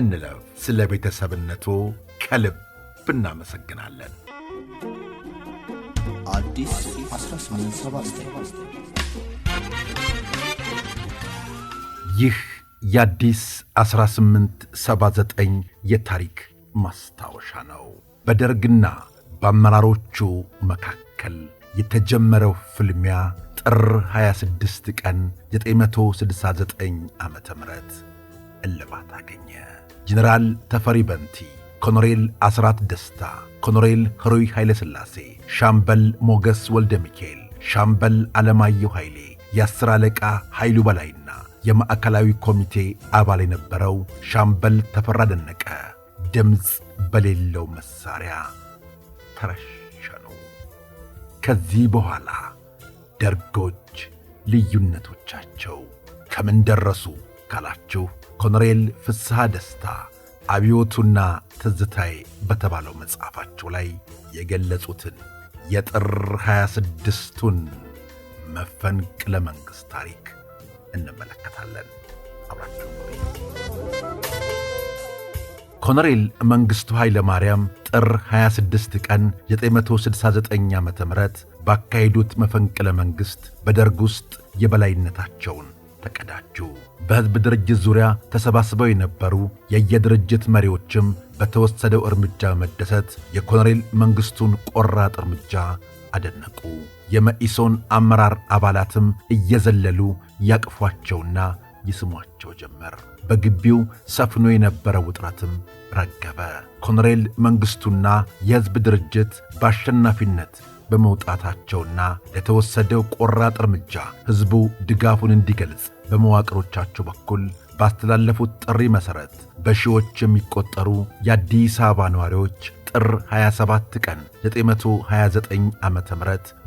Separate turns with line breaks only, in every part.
እንለፍ። ስለ ቤተሰብነቱ ከልብ እናመሰግናለን። ይህ የአዲስ 1879 የታሪክ ማስታወሻ ነው። በደርግና በአመራሮቹ መካከል የተጀመረው ፍልሚያ ጥር 26 ቀን 969 ዓ ም እልባት አገኘ። ጀነራል ተፈሪ በንቲ፣ ኮኖሬል አስራት ደስታ፣ ኮሎኔል ህሩይ ኃይለሥላሴ፣ ሻምበል ሞገስ ወልደ ሚካኤል፣ ሻምበል አለማየሁ ኃይሌ፣ የአስር አለቃ ኃይሉ በላይና የማዕከላዊ ኮሚቴ አባል የነበረው ሻምበል ተፈራ ደነቀ ድምፅ በሌለው መሳሪያ ተረሸኑ። ከዚህ በኋላ ደርጎች ልዩነቶቻቸው ከምን ደረሱ? ካላችሁ ኮሎኔል ፍስሐ ደስታ አብዮቱና ትዝታዬ በተባለው መጽሐፋቸው ላይ የገለጹትን የጥር 26ቱን መፈንቅለ መንግሥት ታሪክ እንመለከታለን። አብራችሁ ኮሎኔል መንግሥቱ ኃይለ ማርያም ጥር 26 ቀን 969 ዓ ም ባካሄዱት መፈንቅለ መንግሥት በደርግ ውስጥ የበላይነታቸውን ተቀዳጁ። በሕዝብ ድርጅት ዙሪያ ተሰባስበው የነበሩ የየድርጅት መሪዎችም በተወሰደው እርምጃ መደሰት የኮሎኔል መንግሥቱን ቆራጥ እርምጃ አደነቁ። የመኢሶን አመራር አባላትም እየዘለሉ ያቅፏቸውና ይስሟቸው ጀመር። በግቢው ሰፍኖ የነበረ ውጥረትም ረገበ። ኮሎኔል መንግሥቱና የሕዝብ ድርጅት በአሸናፊነት በመውጣታቸውና ለተወሰደው ቆራጥ እርምጃ ሕዝቡ ድጋፉን እንዲገልጽ በመዋቅሮቻቸው በኩል ባስተላለፉት ጥሪ መሠረት በሺዎች የሚቆጠሩ የአዲስ አበባ ነዋሪዎች ጥር 27 ቀን 929 ዓ ም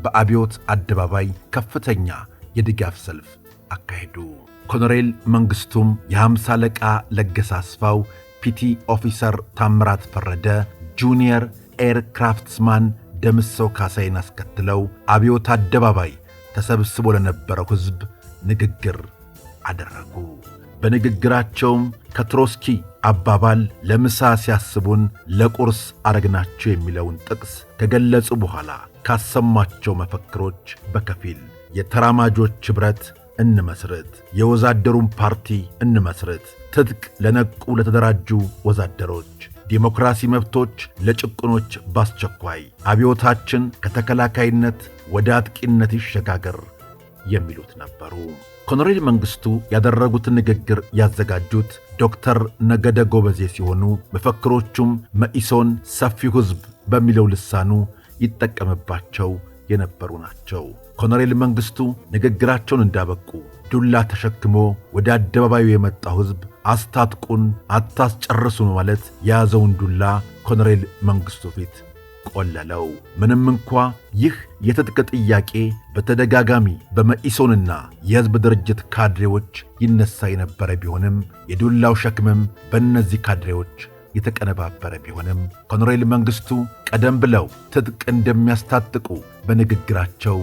በአብዮት አደባባይ ከፍተኛ የድጋፍ ሰልፍ አካሄዱ። ኮሎኔል መንግሥቱም የሐምሳ አለቃ ለገሰ አስፋው፣ ፒቲ ኦፊሰር ታምራት ፈረደ፣ ጁኒየር ኤርክራፍትስማን ደምሰው ካሳይን አስከትለው አብዮት አደባባይ ተሰብስቦ ለነበረው ሕዝብ ንግግር አደረጉ። በንግግራቸውም ከትሮስኪ አባባል ለምሳ ሲያስቡን ለቁርስ አረግናቸው የሚለውን ጥቅስ ከገለጹ በኋላ ካሰሟቸው መፈክሮች በከፊል የተራማጆች ኅብረት እንመስርት፣ የወዛደሩን ፓርቲ እንመስርት፣ ትጥቅ ለነቁ ለተደራጁ ወዛደሮች ዲሞክራሲ መብቶች ለጭቁኖች ባስቸኳይ፣ አብዮታችን ከተከላካይነት ወደ አጥቂነት ይሸጋገር የሚሉት ነበሩ። ኮሎኔል መንግሥቱ ያደረጉትን ንግግር ያዘጋጁት ዶክተር ነገደ ጎበዜ ሲሆኑ መፈክሮቹም መኢሶን ሰፊው ሕዝብ በሚለው ልሳኑ ይጠቀምባቸው የነበሩ ናቸው። ኮሎኔል መንግሥቱ ንግግራቸውን እንዳበቁ ዱላ ተሸክሞ ወደ አደባባዩ የመጣው ሕዝብ አስታጥቁን አታስጨርሱን ማለት የያዘውን ዱላ ኮሎኔል መንግሥቱ ፊት ቆለለው። ምንም እንኳ ይህ የትጥቅ ጥያቄ በተደጋጋሚ በመኢሶንና የሕዝብ ድርጅት ካድሬዎች ይነሳ የነበረ ቢሆንም የዱላው ሸክምም በእነዚህ ካድሬዎች የተቀነባበረ ቢሆንም ኮሎኔል መንግሥቱ ቀደም ብለው ትጥቅ እንደሚያስታጥቁ በንግግራቸው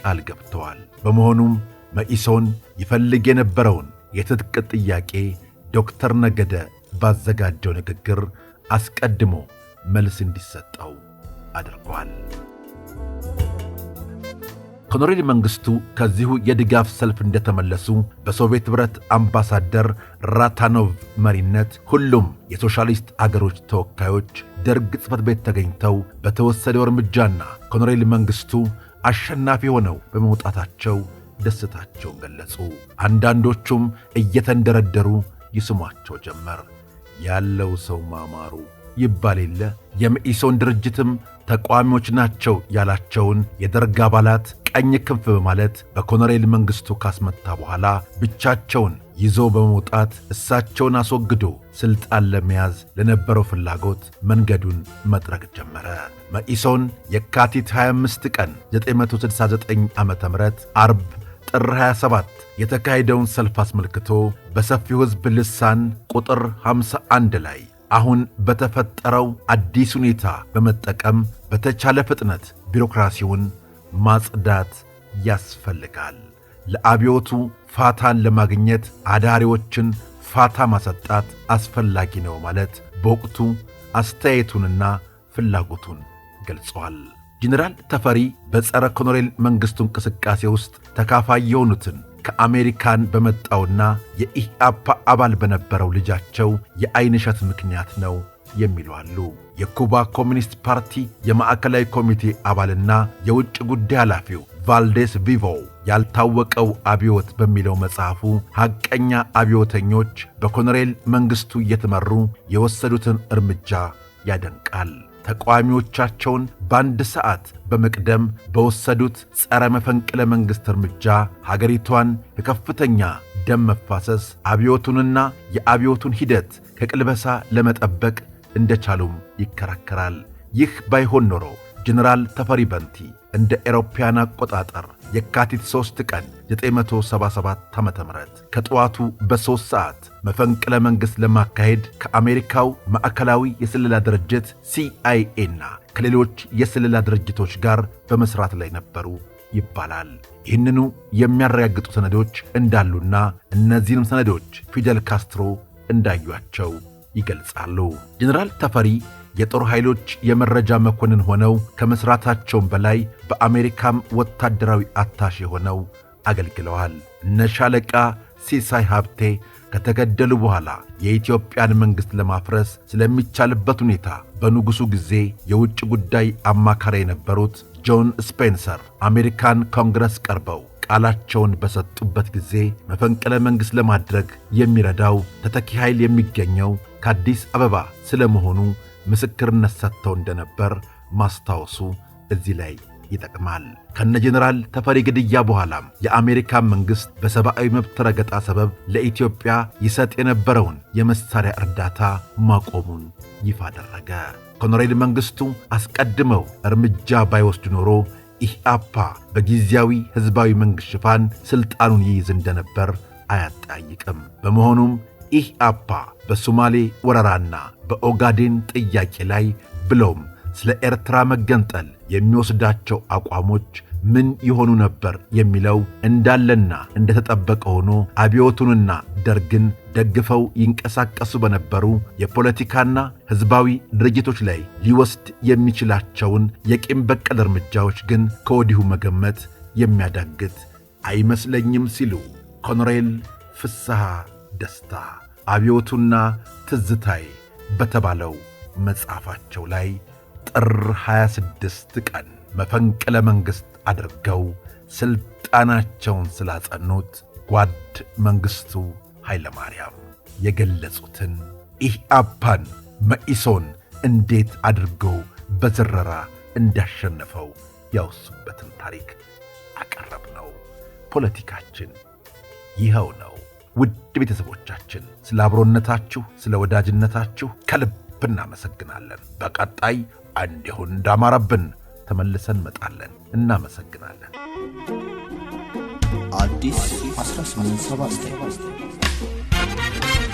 ቃል ገብተዋል። በመሆኑም መኢሶን ይፈልግ የነበረውን የትጥቅ ጥያቄ ዶክተር ነገደ ባዘጋጀው ንግግር አስቀድሞ መልስ እንዲሰጠው አድርጓል። ኮሎኔል መንግሥቱ ከዚሁ የድጋፍ ሰልፍ እንደተመለሱ በሶቪየት ኅብረት አምባሳደር ራታኖቭ መሪነት ሁሉም የሶሻሊስት አገሮች ተወካዮች ደርግ ጽሕፈት ቤት ተገኝተው በተወሰደው እርምጃና ኮሎኔል መንግሥቱ አሸናፊ ሆነው በመውጣታቸው ደስታቸውን ገለጹ። አንዳንዶቹም እየተንደረደሩ ይስሟቸው ጀመር። ያለው ሰው ማማሩ ይባል የለ። የመኢሶን ድርጅትም ተቋሚዎች ናቸው ያላቸውን የደርግ አባላት ቀኝ ክንፍ በማለት በኮሎኔል መንግሥቱ ካስመታ በኋላ ብቻቸውን ይዞ በመውጣት እሳቸውን አስወግዶ ሥልጣን ለመያዝ ለነበረው ፍላጎት መንገዱን መጥረግ ጀመረ። መኢሶን የካቲት 25 ቀን 969 ዓ ም አርብ ጥር 27 የተካሄደውን ሰልፍ አስመልክቶ በሰፊው ሕዝብ ልሳን ቁጥር 51 ላይ አሁን በተፈጠረው አዲስ ሁኔታ በመጠቀም በተቻለ ፍጥነት ቢሮክራሲውን ማጽዳት ያስፈልጋል። ለአብዮቱ ፋታን ለማግኘት አዳሪዎችን ፋታ ማሰጣት አስፈላጊ ነው ማለት በወቅቱ አስተያየቱንና ፍላጎቱን ገልጸዋል። ጄኔራል ተፈሪ በጸረ ኮሎኔል መንግሥቱ እንቅስቃሴ ውስጥ ተካፋይ የሆኑትን ከአሜሪካን በመጣውና የኢህአፓ አባል በነበረው ልጃቸው የዓይን እሸት ምክንያት ነው የሚሉ አሉ። የኩባ ኮሚኒስት ፓርቲ የማዕከላዊ ኮሚቴ አባልና የውጭ ጉዳይ ኃላፊው ቫልዴስ ቪቮ ያልታወቀው አብዮት በሚለው መጽሐፉ ሐቀኛ አብዮተኞች በኮሎኔል መንግሥቱ እየተመሩ የወሰዱትን እርምጃ ያደንቃል። ተቃዋሚዎቻቸውን በአንድ ሰዓት በመቅደም በወሰዱት ጸረ መፈንቅለ መንግሥት እርምጃ ሀገሪቷን ከከፍተኛ ደም መፋሰስ አብዮቱንና የአብዮቱን ሂደት ከቅልበሳ ለመጠበቅ እንደቻሉም ይከራከራል። ይህ ባይሆን ኖሮ ጀነራል ተፈሪ በንቲ እንደ ኤሮፓያን አቆጣጠር የካቲት 3 ቀን 977 ዓ ም ከጠዋቱ በሦስት ሰዓት መፈንቅለ መንግሥት ለማካሄድ ከአሜሪካው ማዕከላዊ የስለላ ድርጅት ሲአይኤና ከሌሎች የስለላ ድርጅቶች ጋር በመሥራት ላይ ነበሩ ይባላል። ይህንኑ የሚያረጋግጡ ሰነዶች እንዳሉና እነዚህንም ሰነዶች ፊደል ካስትሮ እንዳዩቸው ይገልጻሉ። ጀኔራል ተፈሪ የጦር ኃይሎች የመረጃ መኮንን ሆነው ከመሥራታቸውም በላይ በአሜሪካም ወታደራዊ አታሽ ሆነው አገልግለዋል። እነ ሻለቃ ሲሳይ ሀብቴ ከተገደሉ በኋላ የኢትዮጵያን መንግሥት ለማፍረስ ስለሚቻልበት ሁኔታ በንጉሡ ጊዜ የውጭ ጉዳይ አማካሪ የነበሩት ጆን ስፔንሰር አሜሪካን ኮንግረስ ቀርበው ቃላቸውን በሰጡበት ጊዜ መፈንቅለ መንግሥት ለማድረግ የሚረዳው ተተኪ ኃይል የሚገኘው ከአዲስ አበባ ስለመሆኑ ምስክርነት ሰጥተው እንደነበር ማስታወሱ እዚህ ላይ ይጠቅማል። ከነ ጀኔራል ተፈሪ ግድያ በኋላም የአሜሪካ መንግሥት በሰብአዊ መብት ረገጣ ሰበብ ለኢትዮጵያ ይሰጥ የነበረውን የመሳሪያ እርዳታ ማቆሙን ይፋ አደረገ። ኮሎኔል መንግሥቱ አስቀድመው እርምጃ ባይወስድ ኖሮ ኢህአፓ በጊዜያዊ ሕዝባዊ መንግሥት ሽፋን ሥልጣኑን ይይዝ እንደነበር አያጠያይቅም። በመሆኑም ኢህአፓ በሶማሌ ወረራና በኦጋዴን ጥያቄ ላይ ብለውም ስለ ኤርትራ መገንጠል የሚወስዳቸው አቋሞች ምን ይሆኑ ነበር የሚለው እንዳለና እንደተጠበቀ ሆኖ አብዮቱንና ደርግን ደግፈው ይንቀሳቀሱ በነበሩ የፖለቲካና ሕዝባዊ ድርጅቶች ላይ ሊወስድ የሚችላቸውን የቂም በቀል እርምጃዎች ግን ከወዲሁ መገመት የሚያዳግት አይመስለኝም ሲሉ ኮኖሬል ፍስሐ ደስታ አብዮቱና ትዝታይ በተባለው መጽሐፋቸው ላይ ጥር 26 ቀን መፈንቅለ መንግሥት አድርገው ሥልጣናቸውን ስላጸኑት ጓድ መንግሥቱ ኃይለማርያም የገለጹትን ኢህአፓን መኢሶን እንዴት አድርገው በዝረራ እንዳሸነፈው ያወሱበትን ታሪክ አቀረብ ነው። ፖለቲካችን ይኸው ነው። ውድ ቤተሰቦቻችን ስለ አብሮነታችሁ፣ ስለ ወዳጅነታችሁ ከልብ እናመሰግናለን። በቀጣይ እንዲሁን እንዳማረብን ተመልሰን መጣለን። እናመሰግናለን። አዲስ 1879